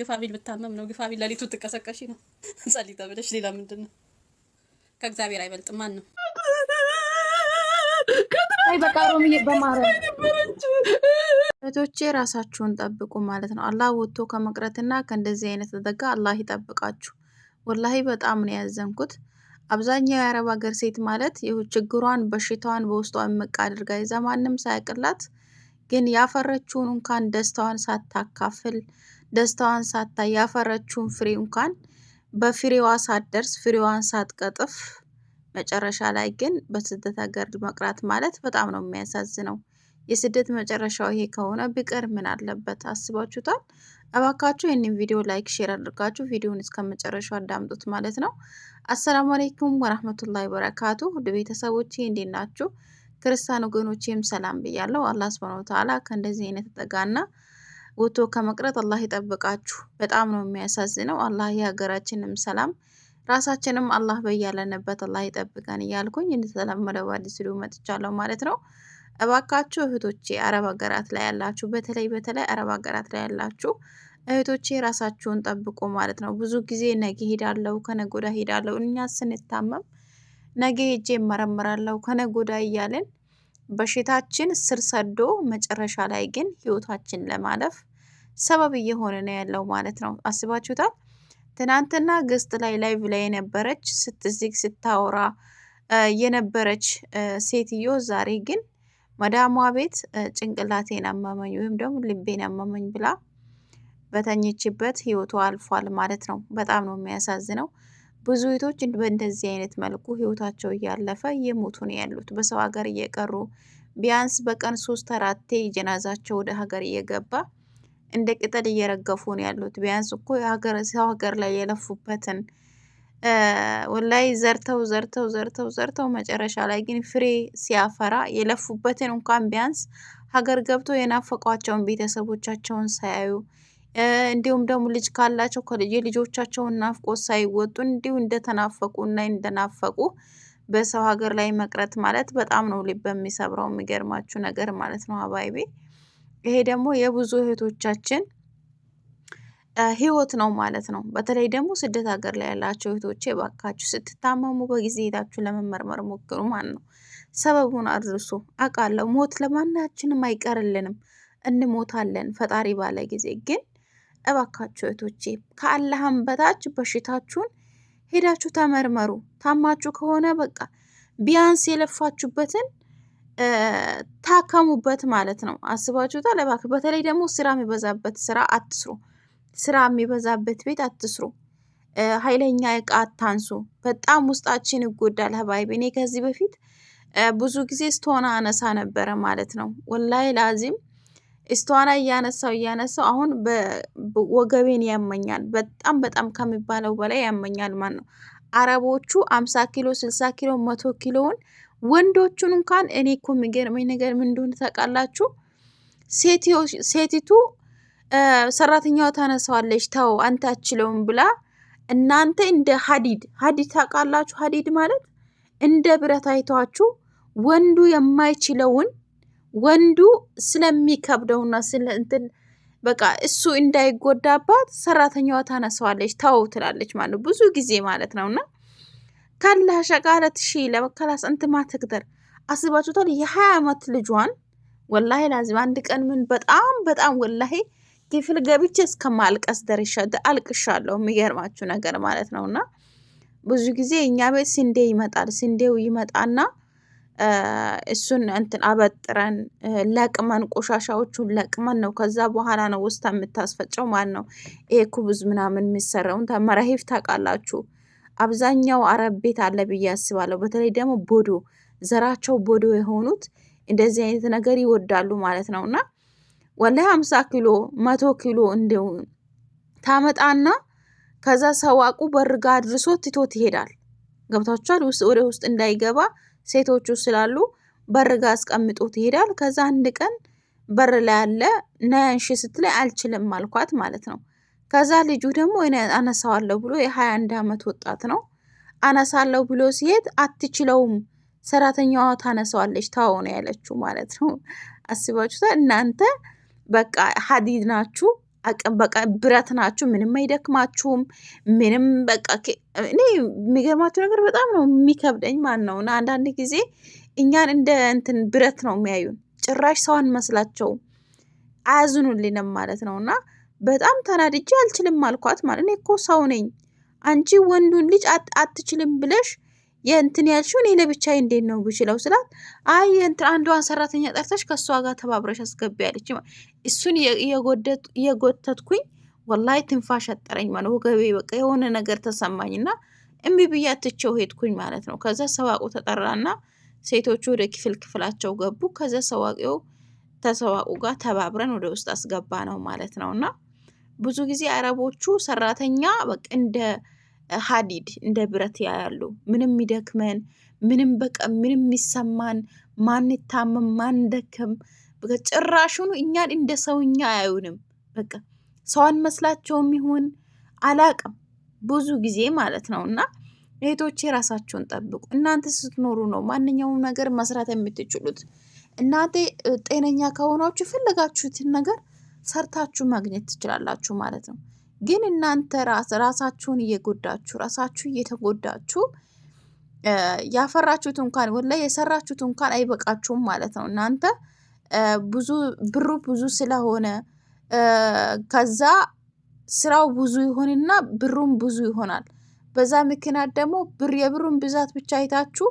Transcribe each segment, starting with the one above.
ግፋቢል ብታመም ነው ግፋቢል ለሊቱ ትቀሰቀሺ ነው። ጸልይ ተብለሽ ሌላ ምንድን ነው? ከእግዚአብሔር አይበልጥም። ማን ነው? በቃ ሮምዬ በማርያም እህቶቼ ራሳችሁን ጠብቁ ማለት ነው። አላህ ወጥቶ ከመቅረትና ከእንደዚህ አይነት አደጋ አላህ ይጠብቃችሁ። ወላሂ በጣም ነው ያዘንኩት። አብዛኛው የአረብ ሀገር ሴት ማለት ችግሯን በሽታዋን በውስጧ ምቅ አድርጋ ይዛ ማንም ሳያቅላት ግን ያፈረችውን እንኳን ደስታዋን ሳታካፍል ደስታዋን ሳታይ ያፈረችውን ፍሬ እንኳን በፍሬዋ ሳትደርስ ፍሬዋን ሳትቀጥፍ መጨረሻ ላይ ግን በስደት ሀገር መቅራት ማለት በጣም ነው የሚያሳዝነው። የስደት መጨረሻው ይሄ ከሆነ ቢቀር ምን አለበት? አስባችሁታል? እባካችሁ ይህንን ቪዲዮ ላይክ፣ ሼር አድርጋችሁ ቪዲዮን እስከ መጨረሻው አዳምጡት ማለት ነው። አሰላሙ አለይኩም ወራህመቱላሂ ወበረካቱ። ውድ ቤተሰቦቼ እንዴት ናችሁ? ክርስቲያን ወገኖቼም ሰላም ብያለሁ። አላህ ሱብሃነሁ ወተዓላ ከእንደዚህ አይነት ጠጋና ወጥቶ ከመቅረት አላህ ይጠብቃችሁ። በጣም ነው የሚያሳዝነው። አላህ የሀገራችንም ሰላም ራሳችንም አላህ በያለንበት አላህ ይጠብቀን እያልኩኝ እንደተለመደው በአዲስ ቪዲዮ መጥቻለሁ ማለት ነው። እባካችሁ እህቶቼ አረብ ሀገራት ላይ ያላችሁ በተለይ በተለይ አረብ ሀገራት ላይ ያላችሁ እህቶቼ ራሳችሁን ጠብቁ ማለት ነው። ብዙ ጊዜ ነገ ሄዳለሁ ከነጎዳ ሄዳለሁ እኛ ስንታመም ነገ ሄጄ እመረምራለሁ ከነጎዳ እያለን በሽታችን ስር ሰዶ መጨረሻ ላይ ግን ህይወታችን ለማለፍ ሰበብ እየሆነ ነው ያለው ማለት ነው። አስባችሁታል? ትናንትና ገስት ላይ ላይቭ ላይ የነበረች ስትዚግ ስታወራ የነበረች ሴትዮ ዛሬ ግን መዳሟ ቤት ጭንቅላቴን አመመኝ ወይም ደግሞ ልቤን አመመኝ ብላ በተኝችበት ህይወቷ አልፏል ማለት ነው። በጣም ነው የሚያሳዝነው። ብዙ እህቶች በእንደዚህ አይነት መልኩ ህይወታቸው እያለፈ እየሞቱ ነው ያሉት በሰው ሀገር እየቀሩ ቢያንስ በቀን ሶስት አራቴ ጀናዛቸው ወደ ሀገር እየገባ እንደ ቅጠል እየረገፉ ነው ያሉት። ቢያንስ እኮ ሰው ሀገር ላይ የለፉበትን ወላይ ዘርተው ዘርተው ዘርተው ዘርተው መጨረሻ ላይ ግን ፍሬ ሲያፈራ የለፉበትን እንኳን ቢያንስ ሀገር ገብተው የናፈቋቸውን ቤተሰቦቻቸውን ሳያዩ እንዲሁም ደግሞ ልጅ ካላቸው የልጆቻቸውን ናፍቆት ሳይወጡ እንዲሁ እንደተናፈቁ እና እንደናፈቁ በሰው ሀገር ላይ መቅረት ማለት በጣም ነው ልብ የሚሰብረው የሚገርማችሁ ነገር ማለት ነው አባይቤ። ይሄ ደግሞ የብዙ እህቶቻችን ህይወት ነው ማለት ነው። በተለይ ደግሞ ስደት ሀገር ላይ ያላቸው እህቶቼ ባካችሁ ስትታመሙ በጊዜ ሄዳችሁ ለመመርመር ሞክሩ ማለት ነው። ሰበቡን አድርሱ። አውቃለሁ ሞት ለማናችንም አይቀርልንም፣ እንሞታለን ፈጣሪ ባለ ጊዜ ግን እባካችሁ እህቶቼ ከአላህም በታች በሽታችሁን ሄዳችሁ ተመርመሩ። ታማችሁ ከሆነ በቃ ቢያንስ የለፋችሁበትን ታከሙበት ማለት ነው። አስባችሁታል? እባክህ በተለይ ደግሞ ስራ የሚበዛበት ስራ አትስሩ። ስራ የሚበዛበት ቤት አትስሩ። ኃይለኛ እቃ አታንሱ። በጣም ውስጣችን ይጎዳል። ህባይብ እኔ ከዚህ በፊት ብዙ ጊዜ ስቶና አነሳ ነበረ ማለት ነው። ወላይ ላዚም እስቷራ እያነሳው እያነሳው አሁን ወገቤን ያመኛል። በጣም በጣም ከሚባለው በላይ ያመኛል ማለት ነው። አረቦቹ አምሳ ኪሎ ስልሳ ኪሎ መቶ ኪሎውን ወንዶቹን እንኳን እኔ እኮ የሚገርመኝ ነገር ምን እንደሆነ ታውቃላችሁ? ሴቲቱ ሰራተኛው ታነሳዋለች፣ ተው አንተ አችለውም ብላ እናንተ እንደ ሀዲድ ሀዲድ ታውቃላችሁ? ሀዲድ ማለት እንደ ብረት አይተዋችሁ ወንዱ የማይችለውን ወንዱ ስለሚከብደውና ስለ እንትን በቃ እሱ እንዳይጎዳባት ሰራተኛዋ ታነሰዋለች ተው ትላለች ማለት ነው። ብዙ ጊዜ ማለት ነው። እና ካላ ሸቃለት ሺ ለበከላስ እንትማ ትግደር አስባችሁታል? የሀያ ዓመት ልጇን ወላሂ ላዚም አንድ ቀን ምን በጣም በጣም ወላሂ ክፍል ገብቼ እስከማልቀስ ደርሻ አልቅሻለሁ። የሚገርማችሁ ነገር ማለት ነው። እና ብዙ ጊዜ እኛ ቤት ስንዴ ይመጣል። ስንዴው ይመጣና እሱን እንትን አበጥረን ለቅመን ቆሻሻዎቹን ለቅመን ነው። ከዛ በኋላ ነው ውስጥ የምታስፈጨው ማለት ነው። ይሄ ኩብዝ ምናምን የሚሰራውን ተመራሂፍ ታውቃላችሁ። አብዛኛው አረብ ቤት አለ ብዬ አስባለሁ። በተለይ ደግሞ ቦዶ ዘራቸው ቦዶ የሆኑት እንደዚህ አይነት ነገር ይወዳሉ ማለት ነው። እና ወላሂ ሀምሳ ኪሎ መቶ ኪሎ እንዲሁ ታመጣና ከዛ ሰዋቁ በርጋ አድርሶ ትቶ ይሄዳል። ገብታችኋል? ወደ ውስጥ እንዳይገባ ሴቶቹ ስላሉ በርጋ አስቀምጦት ይሄዳል። ከዛ አንድ ቀን በር ላይ ያለ ናያንሺ ስትላይ አልችልም አልኳት ማለት ነው። ከዛ ልጁ ደግሞ አነሳዋለሁ ብሎ የሀያ አንድ ዓመት ወጣት ነው። አነሳለሁ ብሎ ሲሄድ አትችለውም፣ ሰራተኛዋ ታነሳዋለች ታው ነው ያለችው ማለት ነው። አስባችሁታል እናንተ በቃ ሀዲድ ናችሁ። በቃ ብረት ናችሁ፣ ምንም አይደክማችሁም። ምንም በቃ እኔ የሚገርማችሁ ነገር በጣም ነው የሚከብደኝ ማን ነው። እና አንዳንድ ጊዜ እኛን እንደ እንትን ብረት ነው የሚያዩን፣ ጭራሽ ሰው አንመስላቸው አያዝኑልንም ማለት ነው። እና በጣም ተናድጄ አልችልም አልኳት ማለት እኔ እኮ ሰው ነኝ፣ አንቺ ወንዱን ልጅ አትችልም ብለሽ የእንትን ያልሽው እኔ ለብቻዬ እንዴት ነው ብችለው ስላት፣ አይ የእንትን አንዷን ሰራተኛ ጠርተሽ ከእሷ ጋር ተባብረሽ አስገቢ ያለች። እሱን የጎተትኩኝ ወላይ ትንፋሽ አጠረኝ ማለት ወገቤ በቃ የሆነ ነገር ተሰማኝና እምቢ ብያ ትቸው ሄድኩኝ ማለት ነው። ከዛ ሰዋቁ ተጠራና ሴቶቹ ወደ ክፍል ክፍላቸው ገቡ። ከዛ ሰዋቂው ተሰዋቁ ጋር ተባብረን ወደ ውስጥ አስገባ ነው ማለት ነው። እና ብዙ ጊዜ አረቦቹ ሰራተኛ በቃ እንደ ሀዲድ እንደ ብረት ያያሉ። ምንም ይደክመን ምንም በቃ ምንም ይሰማን ማንታመም ማንደክም በቃ ጭራሹኑ እኛን እንደ ሰውኛ አያዩንም። በቃ ሰውን አንመስላቸውም ይሁን አላቅም ብዙ ጊዜ ማለት ነው። እና እህቶቼ ራሳቸውን ጠብቁ። እናንተ ስትኖሩ ነው ማንኛውም ነገር መስራት የምትችሉት። እናንተ ጤነኛ ከሆናችሁ የፈለጋችሁትን ነገር ሰርታችሁ ማግኘት ትችላላችሁ ማለት ነው። ግን እናንተ ራሳችሁን እየጎዳችሁ ራሳችሁ እየተጎዳችሁ ያፈራችሁት እንኳን ወላ የሰራችሁት እንኳን አይበቃችሁም ማለት ነው። እናንተ ብዙ ብሩ ብዙ ስለሆነ ከዛ ስራው ብዙ ይሆንና ብሩም ብዙ ይሆናል። በዛ ምክንያት ደግሞ ብር የብሩን ብዛት ብቻ አይታችሁ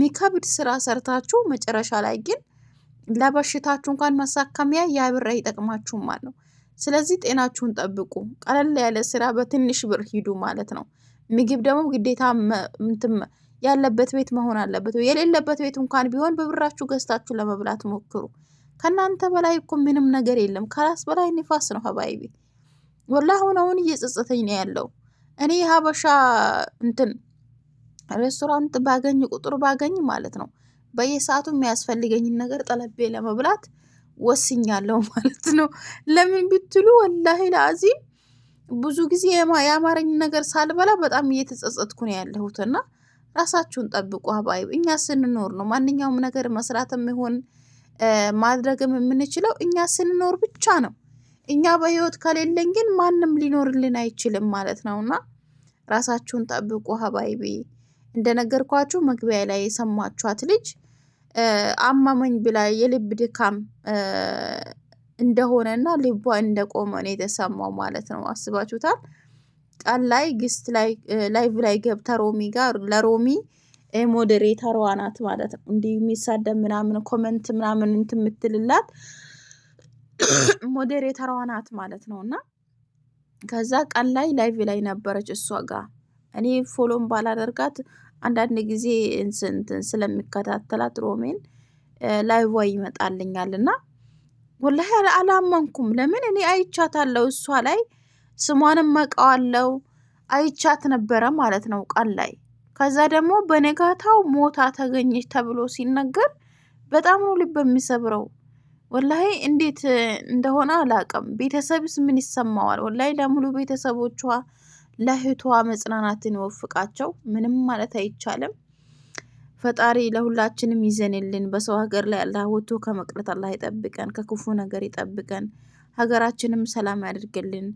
ሚከብድ ስራ ሰርታችሁ መጨረሻ ላይ ግን ለበሽታችሁ እንኳን ማሳከሚያ ያ ብር አይጠቅማችሁም ማለት ነው። ስለዚህ ጤናችሁን ጠብቁ። ቀለል ያለ ስራ በትንሽ ብር ሂዱ ማለት ነው። ምግብ ደግሞ ግዴታ ያለበት ቤት መሆን አለበት። የሌለበት ቤት እንኳን ቢሆን በብራችሁ ገዝታችሁ ለመብላት ሞክሩ። ከእናንተ በላይ እኮ ምንም ነገር የለም። ከራስ በላይ ንፋስ ነው። ሀባይቢ ወላ አሁን አሁን እየጸጸተኝ ነው ያለው እኔ የሀበሻ እንትን ሬስቶራንት ባገኝ ቁጥር ባገኝ ማለት ነው በየሰዓቱ የሚያስፈልገኝን ነገር ጠለቤ ለመብላት ወስኛለሁ ማለት ነው። ለምን ብትሉ ወላሂ ለአዚም ብዙ ጊዜ የአማረኝ ነገር ሳልበላ በጣም እየተጸጸትኩ ነው ያለሁት እና ራሳችሁን ጠብቁ አባይ። እኛ ስንኖር ነው ማንኛውም ነገር መስራትም ይሆን ማድረግም የምንችለው እኛ ስንኖር ብቻ ነው። እኛ በህይወት ከሌለን ግን ማንም ሊኖርልን አይችልም ማለት ነውና ራሳችሁን ጠብቁ ሀባይቤ እንደነገርኳችሁ መግቢያ ላይ የሰማችኋት ልጅ አማመኝ ብላ የልብ ድካም እንደሆነና ልቧ እንደቆመ ነው የተሰማው ማለት ነው። አስባችሁታል? ቀን ላይ ግስት ላይቭ ላይ ገብታ ሮሚ ጋር ለሮሚ ሞዴሬተሯ ናት ማለት ነው። እንዲህ የሚሳደብ ምናምን ኮመንት ምናምን እንትን የምትልላት ሞዴሬተሯ ናት ማለት ነው። እና ከዛ ቀን ላይ ላይቭ ላይ ነበረች እሷ ጋር እኔ ፎሎም ባላደርጋት አንዳንድ ጊዜ እንትን ስለሚከታተላት ሮሜን ላይቧ ይመጣልኛል እና ወላሂ አላመንኩም። ለምን እኔ አይቻታለሁ፣ እሷ ላይ ስሟንም መቃዋለው አይቻት ነበረ ማለት ነው ቃል ላይ። ከዛ ደግሞ በነጋታው ሞታ ተገኘች ተብሎ ሲነገር በጣም ነው ልብ የሚሰብረው። ወላሂ እንዴት እንደሆነ አላውቅም። ቤተሰብስ ምን ይሰማዋል? ወላሂ ለሙሉ ቤተሰቦቿ ለእህቷ መጽናናትን ይወፍቃቸው። ምንም ማለት አይቻልም። ፈጣሪ ለሁላችንም ይዘንልን። በሰው ሀገር ላይ አላህ ወጥቶ ከመቅረት አላህ ይጠብቀን፣ ከክፉ ነገር ይጠብቀን። ሀገራችንም ሰላም ያድርግልን።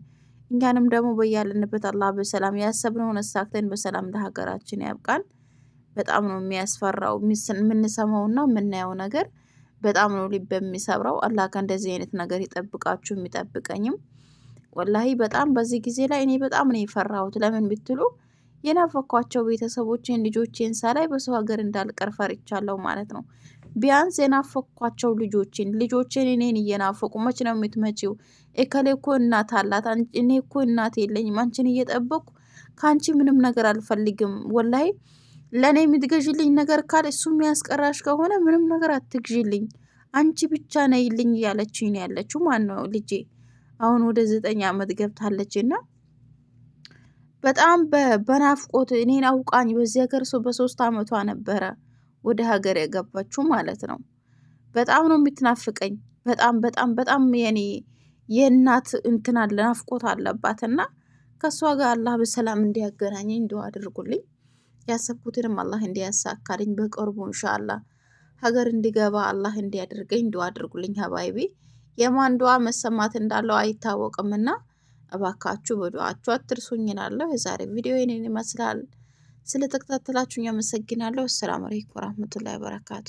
እኛንም ደግሞ በያለንበት አላህ በሰላም ያሰብነውን አሳክተን በሰላም ለሀገራችን ያብቃን። በጣም ነው የሚያስፈራው የምንሰማውና የምናየው ነገር በጣም ነው ልብ የሚሰብረው። አላህ ከእንደዚህ አይነት ነገር ይጠብቃችሁ የሚጠብቀኝም ወላሂ በጣም በዚህ ጊዜ ላይ እኔ በጣም ነው የፈራሁት። ለምን ብትሉ የናፈኳቸው ልጆች ልጆቼን ሳላይ በሰው ሀገር እንዳልቀር ፈርቻለሁ ማለት ነው። ቢያንስ የናፈኳቸው ልጆችን ልጆችን እኔን እየናፈቁ መች ነው የምትመጪው? እከሌ እኮ እናት አላት፣ እኔ እኮ እናት የለኝም፣ አንቺን እየጠበቁ ከአንቺ ምንም ነገር አልፈልግም። ወላይ ለእኔ የምትገዥልኝ ነገር ካል እሱ የሚያስቀራሽ ከሆነ ምንም ነገር አትግዥልኝ፣ አንቺ ብቻ ነይልኝ እያለችኝ ያለችው ማን ነው ልጄ አሁን ወደ ዘጠኝ ዓመት ገብታለች እና በጣም በናፍቆት እኔን አውቃኝ በዚህ ሀገር ሰው በሶስት ዓመቷ ነበረ ወደ ሀገር የገባችው ማለት ነው። በጣም ነው የምትናፍቀኝ። በጣም በጣም በጣም የኔ የእናት እንትን አለ ናፍቆት አለባት እና ከእሷ ጋር አላህ በሰላም እንዲያገናኘኝ እንዲ አድርጉልኝ። ያሰብኩትንም አላህ እንዲያሳካልኝ በቅርቡ እንሻ አላህ ሀገር እንዲገባ አላህ እንዲያደርገኝ እንዲ አድርጉልኝ ሀባይቤ የማን ዱዓ መሰማት እንዳለው አይታወቅምና እባካችሁ በዱዓችሁ አትርሱኝ እላለሁ። የዛሬ ቪዲዮ ይህንን ይመስላል። ስለተከታተላችሁኝ አመሰግናለሁ። አሰላሙ አለይኩም ወራህመቱላሂ ወበረካቱ።